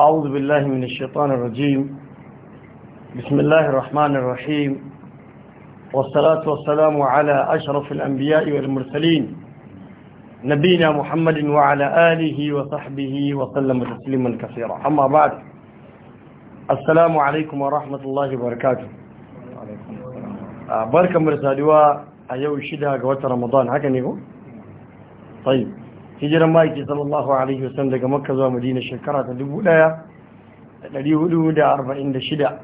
أعوذ بالله من الشيطان الرجيم بسم الله الرحمن الرحيم والصلاة والسلام على أشرف الأنبياء والمرسلين نبينا محمد وعلى آله وصحبه وسلم تسليما كثيرا أما بعد السلام عليكم ورحمة الله وبركاته آه، بركة مرسالوا أيها شدها قوات رمضان هكذا طيب hijiran ma'aiki sallallahu alaihi wasan daga makka zuwa madina shekara ta 1446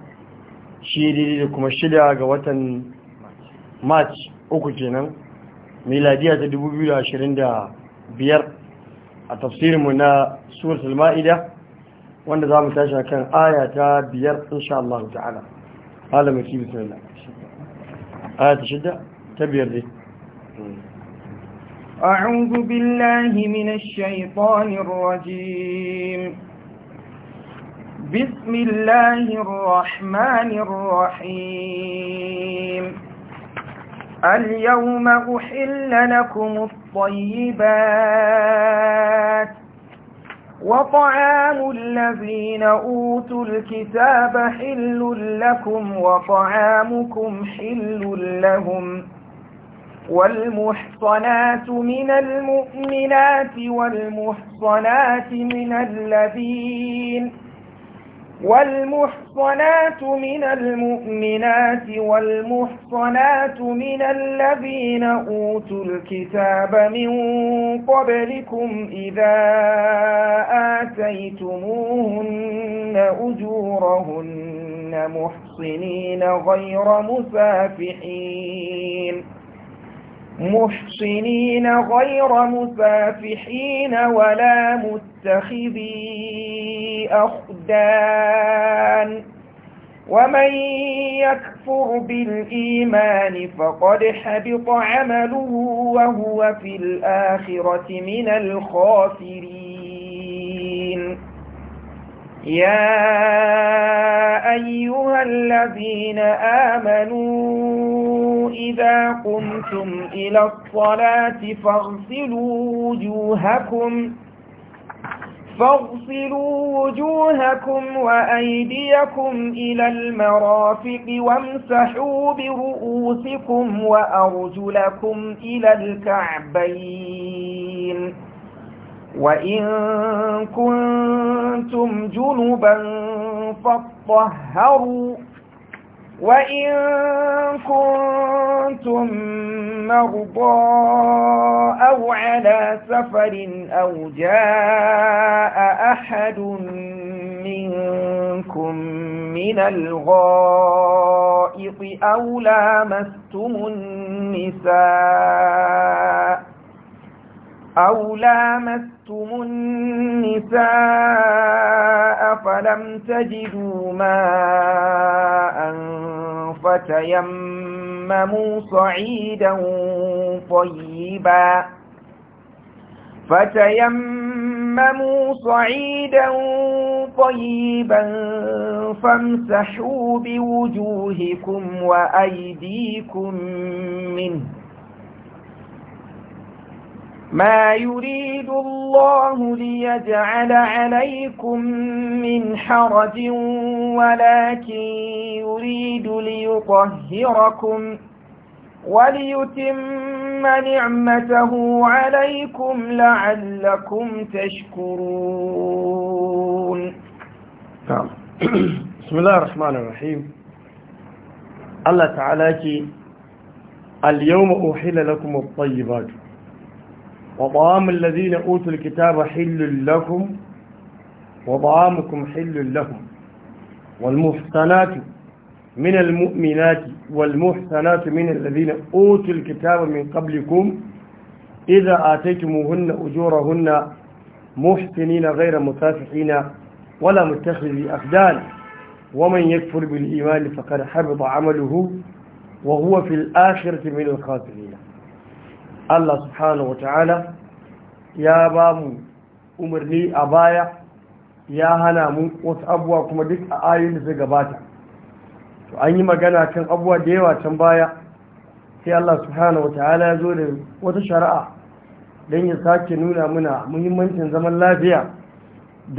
shi daidai da kuma shida ga watan march uku kenan miladiya ta 2025 a tafsirinmu na suwar salma'ida wanda za mu tashi kan aya ta biyar insha Allah ta'ala alamaki bismillah aya ta shida ta biyar dai أعوذ بالله من الشيطان الرجيم بسم الله الرحمن الرحيم اليوم أحل لكم الطيبات وطعام الذين أوتوا الكتاب حل لكم وطعامكم حل لهم والمحصنات من المؤمنات والمحصنات من الذين والمحصنات من المؤمنات والمحصنات من الذين أوتوا الكتاب من قبلكم إذا آتيتموهن أجورهن محصنين غير مسافحين محصنين غير مسافحين ولا متخذي أخدان ومن يكفر بالإيمان فقد حبط عمله وهو في الآخرة من الخاسرين يا أيها الذين آمنوا إذا قمتم إلى الصلاة فاغسلوا وجوهكم فاغسلوا وجوهكم وأيديكم إلى المرافق وامسحوا برؤوسكم وأرجلكم إلى الكعبين وإن كنتم جنبا فاطهروا وإن كنتم مرضى أو على سفر أو جاء أحد منكم من الغائط أو لامستم النساء أو لامستم النساء فلم تجدوا ماء فتيمموا صعيدا طيبا فتيمموا صعيدا طيبا فامسحوا بوجوهكم وأيديكم منه ما يريد الله ليجعل عليكم من حرج ولكن يريد ليطهركم وليتم نعمته عليكم لعلكم تشكرون نعم. بسم الله الرحمن الرحيم الله تعالى اليوم أحل لكم الطيبات وطعام الذين أوتوا الكتاب حل لكم وطعامكم حل لهم والمحسنات من المؤمنات والمحسنات من الذين أوتوا الكتاب من قبلكم إذا آتيتموهن أجورهن محسنين غير مسافحين ولا متخذي أخدان ومن يكفر بالإيمان فقد حبط عمله وهو في الآخرة من الخاسرين Allah subhanahu wata'ala ya ba mu umarni a baya ya hana mu wasu abuwa kuma duk a ayin da zai gabata to an yi magana kan abuwa da yawa can baya sai Allah subhanahu wata'ala ya zo da wata shari'a don ya sake nuna muna muhimmancin zaman lafiya